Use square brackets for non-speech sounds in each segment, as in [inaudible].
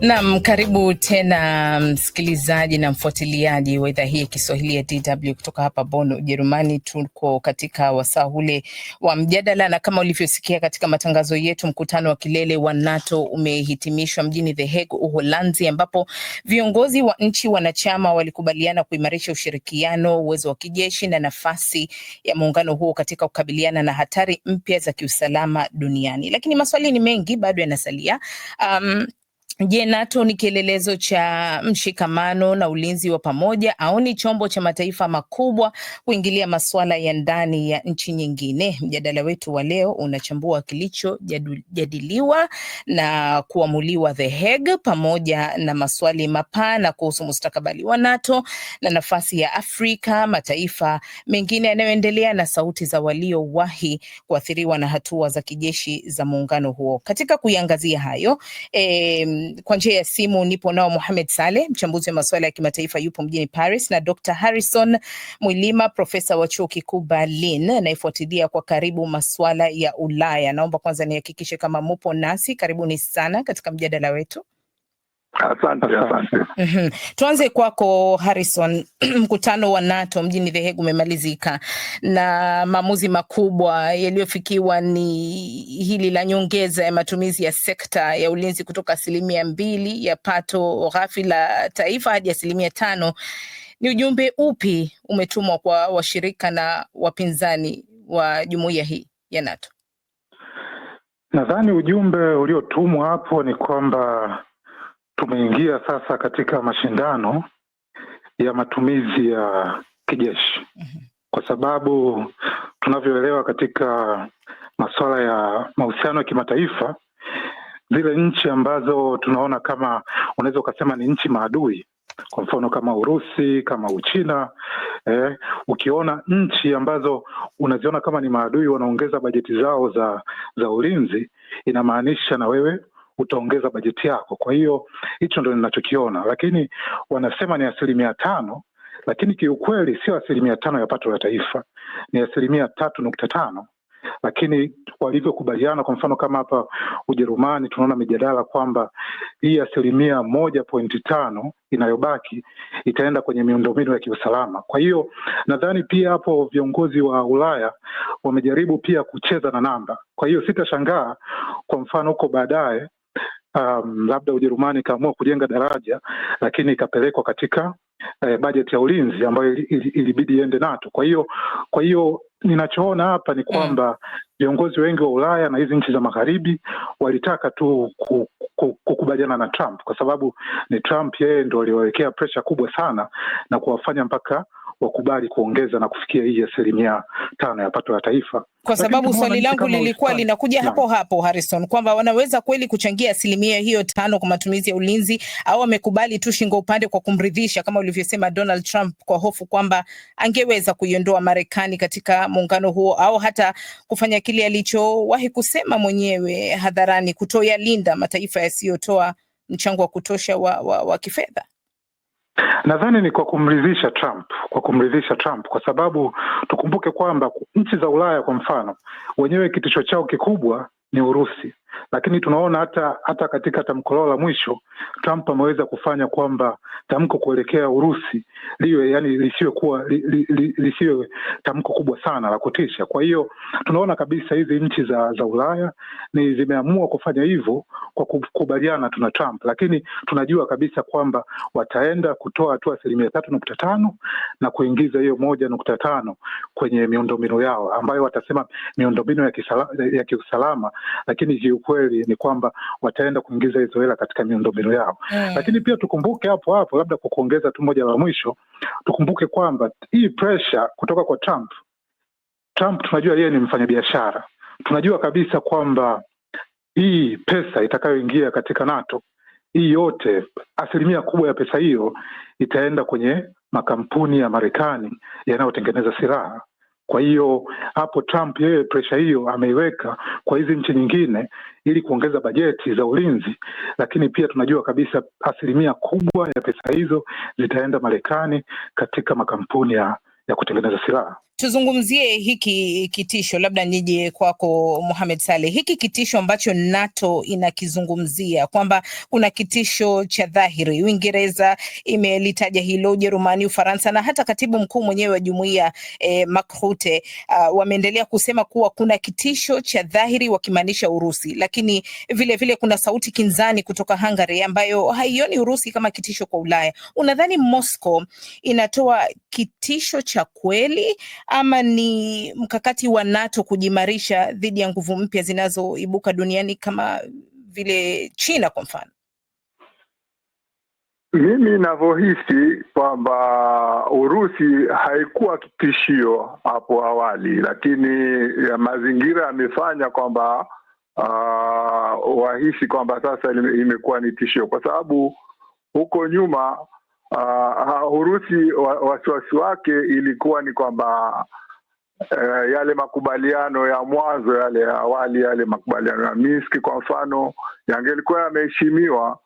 nam karibu tena msikilizaji na mfuatiliaji wa idhaa hii ya Kiswahili ya DW kutoka hapa Bonn, Ujerumani. Tuko katika wasaa ule wa mjadala, na kama ulivyosikia katika matangazo yetu, mkutano wa kilele wa NATO umehitimishwa mjini The Hague, Uholanzi, ambapo viongozi wa nchi wanachama walikubaliana kuimarisha ushirikiano, uwezo wa kijeshi na nafasi ya muungano huo katika kukabiliana na hatari mpya za kiusalama duniani. Lakini maswali ni mengi bado yanasalia. um, Je, NATO ni kielelezo cha mshikamano na ulinzi wa pamoja au ni chombo cha mataifa makubwa kuingilia masuala ya ndani ya nchi nyingine? Mjadala wetu wa leo unachambua kilichojadiliwa na kuamuliwa The Hague pamoja na maswali mapana kuhusu mustakabali wa NATO na nafasi ya Afrika, mataifa mengine yanayoendelea na sauti za waliowahi kuathiriwa na hatua za kijeshi za muungano huo. Katika kuiangazia hayo eh, kwa njia ya simu nipo nao Mohamed Saleh, mchambuzi wa masuala ya kimataifa, yupo mjini Paris, na Dr. Harrison Mwilima, profesa wa chuo kikuu Berlin anayefuatilia kwa karibu masuala ya Ulaya. Naomba kwanza nihakikishe kama mupo nasi, karibuni sana katika mjadala wetu. Asante, asante. Mm -hmm. Tuanze kwako Harrison. [clears throat] Mkutano wa NATO mjini The Hague umemalizika na maamuzi makubwa yaliyofikiwa ni hili la nyongeza ya matumizi ya sekta ya ulinzi kutoka asilimia mbili ya pato ghafi la taifa hadi asilimia tano. Ni ujumbe upi umetumwa kwa washirika na wapinzani wa jumuiya hii ya NATO? Nadhani ujumbe uliotumwa hapo ni kwamba tumeingia sasa katika mashindano ya matumizi ya kijeshi mhm. kwa sababu tunavyoelewa katika masuala ya mahusiano ya kimataifa, zile nchi ambazo tunaona kama unaweza ukasema ni nchi maadui, kwa mfano kama Urusi, kama Uchina eh, ukiona nchi ambazo unaziona kama ni maadui wanaongeza bajeti zao za za ulinzi, inamaanisha na wewe utaongeza bajeti yako. Kwa hiyo hicho ndo ninachokiona, lakini wanasema ni asilimia tano, lakini kiukweli sio asilimia tano ya pato la taifa, ni asilimia tatu nukta tano lakini walivyokubaliana, kwa mfano kama hapa Ujerumani tunaona mijadala kwamba hii asilimia moja pointi tano inayobaki itaenda kwenye miundombinu ya kiusalama. Kwa hiyo nadhani pia hapo viongozi wa Ulaya wamejaribu pia kucheza na namba. Kwa hiyo sitashangaa, kwa mfano huko baadaye um, labda Ujerumani ikaamua kujenga daraja lakini ikapelekwa katika eh, bajeti ya ulinzi ambayo ilibidi iende NATO. Kwa hiyo kwa hiyo ninachoona hapa ni kwamba viongozi wengi wa Ulaya na hizi nchi za magharibi walitaka tu kukubaliana na Trump kwa sababu ni Trump yeye ndo aliwawekea presha kubwa sana na kuwafanya mpaka wakubali kuongeza na kufikia hii asilimia tano ya pato la taifa. Kwa sababu swali langu lilikuwa linakuja hapo hapo, Harrison, kwamba wanaweza kweli kuchangia asilimia hiyo tano kwa matumizi ya ulinzi, au wamekubali tu shingo upande kwa kumridhisha, kama ulivyosema Donald Trump, kwa hofu kwamba angeweza kuiondoa Marekani katika muungano huo, au hata kufanya kile alichowahi kusema mwenyewe hadharani, kutoyalinda mataifa yasiyotoa mchango wa kutosha wa, wa, wa kifedha. Nadhani ni kwa kumridhisha Trump, kwa kumridhisha Trump, kwa sababu tukumbuke kwamba nchi za Ulaya kwa mfano wenyewe kitisho chao kikubwa ni Urusi lakini tunaona hata hata katika tamko lao la mwisho Trump ameweza kufanya kwamba tamko kuelekea Urusi liwe yani lisiwe kuwa li, li, li, lisiwe tamko kubwa sana la kutisha. Kwa hiyo tunaona kabisa hizi nchi za za Ulaya ni zimeamua kufanya hivyo kwa kukubaliana tuna Trump, lakini tunajua kabisa kwamba wataenda kutoa hatua asilimia tatu nukta tano na kuingiza hiyo moja nukta tano kwenye miundombinu yao ambayo watasema miundombinu ya, ya kiusalama lakini ukweli ni kwamba wataenda kuingiza hizo hela katika miundombinu yao mm. Lakini pia tukumbuke hapo hapo, labda kwa kuongeza tu moja la mwisho, tukumbuke kwamba hii pressure kutoka kwa Trump, Trump tunajua yeye ni mfanyabiashara, tunajua kabisa kwamba hii pesa itakayoingia katika NATO hii yote, asilimia kubwa ya pesa hiyo itaenda kwenye makampuni ya Marekani yanayotengeneza silaha kwa hiyo hapo Trump yeye presha hiyo ameiweka kwa hizi nchi nyingine ili kuongeza bajeti za ulinzi, lakini pia tunajua kabisa asilimia kubwa ya pesa hizo zitaenda Marekani katika makampuni ya, ya kutengeneza silaha. Tuzungumzie hiki kitisho, labda nije kwako Mohamed Saleh, hiki kitisho ambacho NATO inakizungumzia kwamba kuna kitisho cha dhahiri. Uingereza imelitaja hilo, Ujerumani, Ufaransa na hata katibu mkuu mwenyewe wa jumuiya eh, Mark uh, wameendelea kusema kuwa kuna kitisho cha dhahiri wakimaanisha Urusi, lakini vilevile vile kuna sauti kinzani kutoka Hungary ambayo haioni Urusi kama kitisho kwa Ulaya. Unadhani Moscow inatoa kitisho cha kweli ama ni mkakati wa NATO kujimarisha dhidi ya nguvu mpya zinazoibuka duniani kama vile China kwa mfano? Mimi inavyohisi kwamba Urusi haikuwa kitishio hapo awali, lakini ya mazingira yamefanya kwamba uh, wahisi kwamba sasa imekuwa ni tishio, kwa sababu huko nyuma uh, Urusi wasiwasi wake ilikuwa ni kwamba uh, yale makubaliano ya mwanzo yale ya awali yale makubaliano ya Minsk kwa mfano yangelikuwa yameheshimiwa,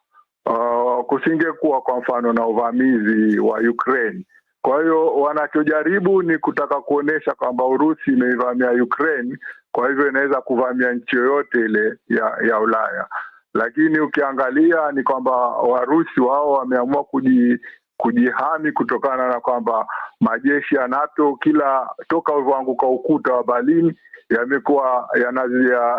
uh, kusingekuwa kwa mfano na uvamizi wa Ukraine. Kwa hiyo wanachojaribu ni kutaka kuonyesha kwamba Urusi imeivamia Ukraine, kwa hivyo inaweza kuvamia nchi yoyote ile ya, ya Ulaya lakini ukiangalia ni kwamba Warusi wao wameamua kuji kujihami kutokana na kwamba majeshi ya NATO kila toka ulivyoanguka ukuta wa Berlin yamekuwa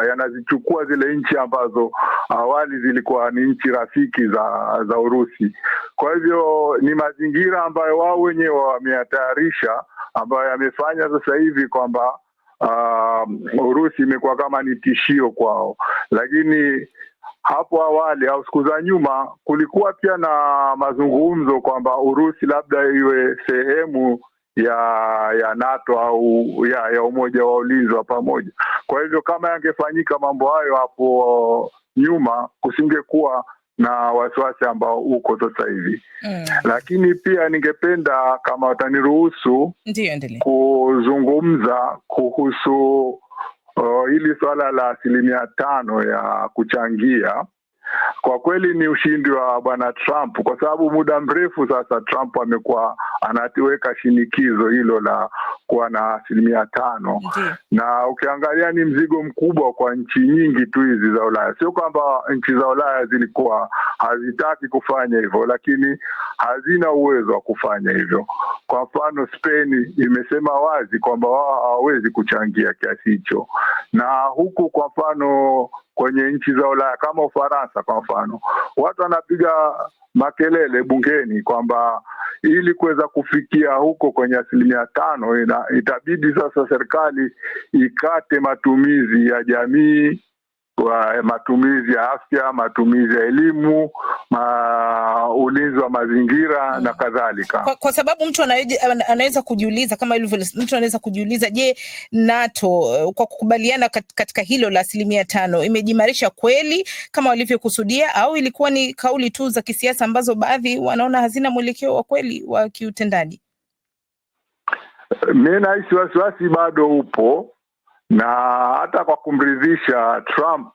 yanazichukua ya, ya zile nchi ambazo awali zilikuwa ni nchi rafiki za za Urusi. Kwa hivyo ni mazingira ambayo wao wenyewe wameyatayarisha, ambayo yamefanya sasa hivi kwamba uh, Urusi imekuwa kama ni tishio kwao, lakini hapo awali au siku za nyuma kulikuwa pia na mazungumzo kwamba Urusi labda iwe sehemu ya ya NATO au ya, ya umoja wa ulinzi wa pamoja. Kwa hivyo kama yangefanyika mambo hayo hapo nyuma, kusingekuwa na wasiwasi ambao uko sasa hivi mm. Lakini pia ningependa kama wataniruhusu kuzungumza kuhusu Oh, hili swala la asilimia tano ya kuchangia kwa kweli ni ushindi wa bwana Trump, kwa sababu muda mrefu sasa Trump amekuwa anaweka shinikizo hilo la kuwa na asilimia tano, na ukiangalia ni mzigo mkubwa kwa nchi nyingi tu hizi za Ulaya. Sio kwamba nchi za Ulaya zilikuwa hazitaki kufanya hivyo, lakini hazina uwezo wa kufanya hivyo. Kwa mfano, Spain imesema wazi kwamba wao hawawezi kuchangia kiasi hicho, na huku kwa mfano kwenye nchi za Ulaya kama Ufaransa kwa mfano, watu wanapiga makelele bungeni kwamba ili kuweza kufikia huko kwenye asilimia tano ina, itabidi sasa serikali ikate matumizi ya jamii wa eh, matumizi ya afya, matumizi ya elimu, ma ulinzi wa mazingira mm. na kadhalika kwa, kwa sababu mtu anaweza kujiuliza kama ilivyo mtu anaweza kujiuliza, je, NATO eh, kwa kukubaliana katika hilo la asilimia tano imejimarisha kweli kama walivyokusudia au ilikuwa ni kauli tu za kisiasa ambazo baadhi wanaona hazina mwelekeo wa kweli wa kiutendaji? Mi nahisi wasiwasi bado upo na hata kwa kumridhisha Trump.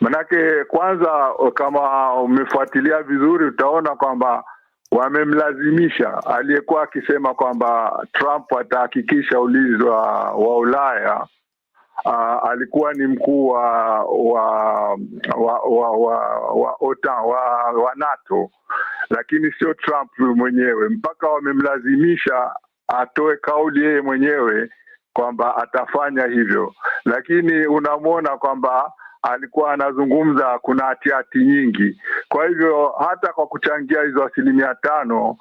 Manake kwanza, kama umefuatilia vizuri, utaona kwamba wamemlazimisha aliyekuwa akisema kwamba Trump atahakikisha ulinzi wa, wa Ulaya. Uh, alikuwa ni mkuu wa wa wa wa, wa, wa, OTAN, wa wa NATO, lakini sio Trump mwenyewe, mpaka wamemlazimisha atoe kauli yeye mwenyewe kwamba atafanya hivyo, lakini unamwona kwamba alikuwa anazungumza kuna hatihati nyingi. Kwa hivyo hata kwa kuchangia hizo asilimia tano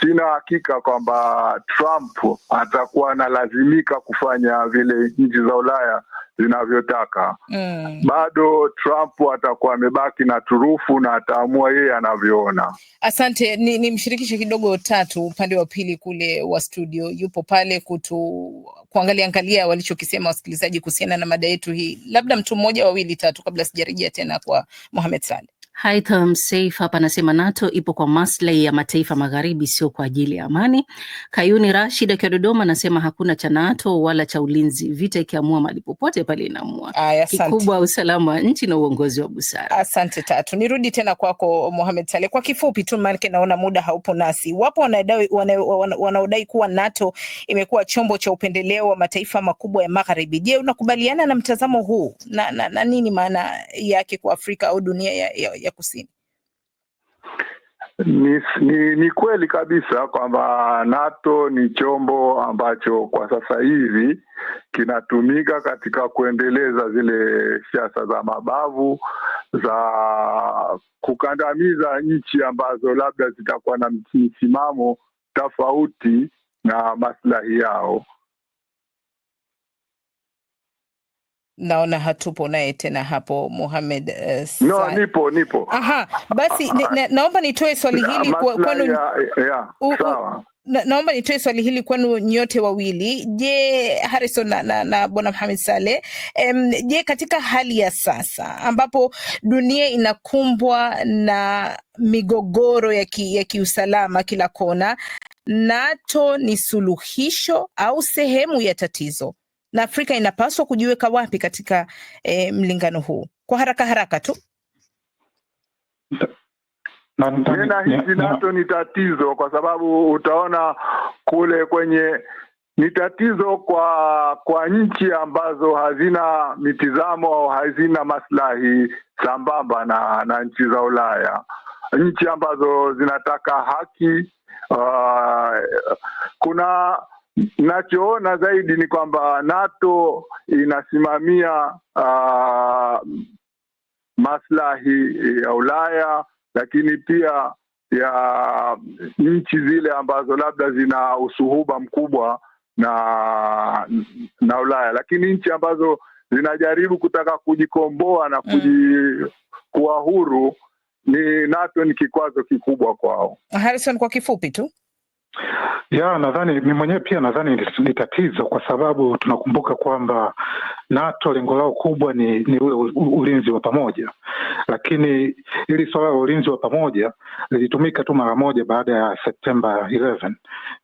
sina hakika kwamba Trump atakuwa analazimika kufanya vile nchi za Ulaya zinavyotaka. Mm. Bado Trump atakuwa amebaki na turufu na ataamua yeye anavyoona. Asante, ni, ni mshirikishe kidogo Tatu upande wa pili kule wa studio, yupo pale kutu kuangalia angalia walichokisema wasikilizaji kuhusiana na mada yetu hii. Labda mtu mmoja wawili Tatu, kabla sijarejea tena kwa Mohamed Sale. Haitham hapa anasema NATO ipo kwa maslahi ya mataifa magharibi, sio kwa ajili ya amani. Kayuni Rashid akiwa Dodoma anasema hakuna cha NATO wala cha ulinzi, vita ikiamua mali popote pale inaamua. Kikubwa usalama wa nchi na uongozi wa busara. Asante Tatu, nirudi tena kwako Mohamed Saleh kwa kifupi tu, maanake naona muda haupo nasi. Wapo wanaodai wana, wana, wana kuwa NATO imekuwa chombo cha upendeleo wa mataifa makubwa ya magharibi. Je, unakubaliana na mtazamo huu na, na, na nini maana yake kwa Afrika au dunia ya, ya, ya kusini? Ni, ni, ni kweli kabisa kwamba NATO ni chombo ambacho kwa sasa hivi kinatumika katika kuendeleza zile siasa za mabavu za kukandamiza nchi ambazo labda zitakuwa na msimamo tofauti na maslahi yao. Naona hatupo naye tena hapo Muhamed. Uh, eh, no, nipo nipo. Aha, basi na, naomba nitoe swali ah, hili kwenu na, naomba nitoe swali hili kwenu nyote wawili. Je, Harrison na, na, na bwana Muhamed Saleh, um, je, katika hali ya sasa ambapo dunia inakumbwa na migogoro ya, ki, ya kiusalama kila kona, NATO ni suluhisho au sehemu ya tatizo? na Afrika inapaswa kujiweka wapi katika e, mlingano huu? Kwa haraka haraka tu mi nahisi NATO ni tatizo, kwa sababu utaona kule kwenye ni tatizo kwa kwa nchi ambazo hazina mitizamo au hazina maslahi sambamba na, na nchi za Ulaya, nchi ambazo zinataka haki. Uh, kuna Nachoona zaidi ni kwamba NATO inasimamia uh, maslahi ya Ulaya, lakini pia ya nchi zile ambazo labda zina usuhuba mkubwa na na Ulaya, lakini nchi ambazo zinajaribu kutaka kujikomboa na mm. kujikuwa huru ni NATO ni kikwazo kikubwa kwao. Harrison, kwa kifupi tu ya nadhani mi mwenyewe pia nadhani ni tatizo, kwa sababu tunakumbuka kwamba NATO lengo lao kubwa ni, ni ule ulinzi wa pamoja, lakini hili suala la ulinzi wa pamoja lilitumika tu mara moja baada ya Septemba 11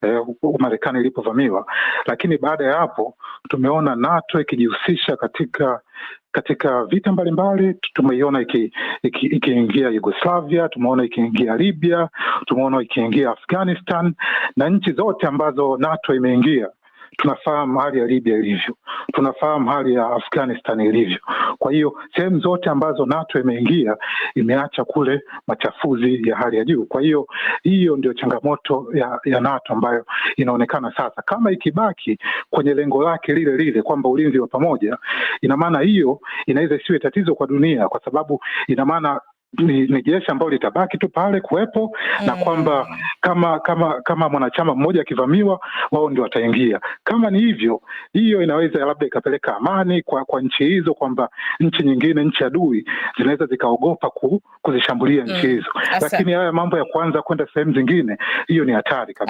eh, Marekani ilipovamiwa, lakini baada ya hapo tumeona NATO ikijihusisha katika katika vita mbalimbali tumeiona ikiingia iki, Yugoslavia, tumeona ikiingia Libya, tumeona ikiingia Afghanistan na nchi zote ambazo NATO imeingia tunafahamu hali ya Libya ilivyo, tunafahamu hali ya Afghanistan ilivyo. Kwa hiyo sehemu zote ambazo NATO imeingia imeacha kule machafuzi ya hali ya juu. Kwa hiyo hiyo ndio changamoto ya, ya NATO ambayo inaonekana sasa, kama ikibaki kwenye lengo lake lile lile kwamba ulinzi wa pamoja, ina maana hiyo inaweza isiwe tatizo kwa dunia, kwa sababu ina maana ni, ni jeshi ambayo litabaki tu pale kuwepo mm. na kwamba kama kama kama mwanachama mmoja akivamiwa, wao ndio wataingia. Kama ni hivyo, hiyo inaweza labda ikapeleka amani kwa kwa nchi hizo, kwamba nchi nyingine, nchi adui zinaweza zikaogopa ku, kuzishambulia nchi mm. hizo mm. Lakini haya mambo ya kuanza kwenda sehemu zingine, hiyo ni hatari kabisa.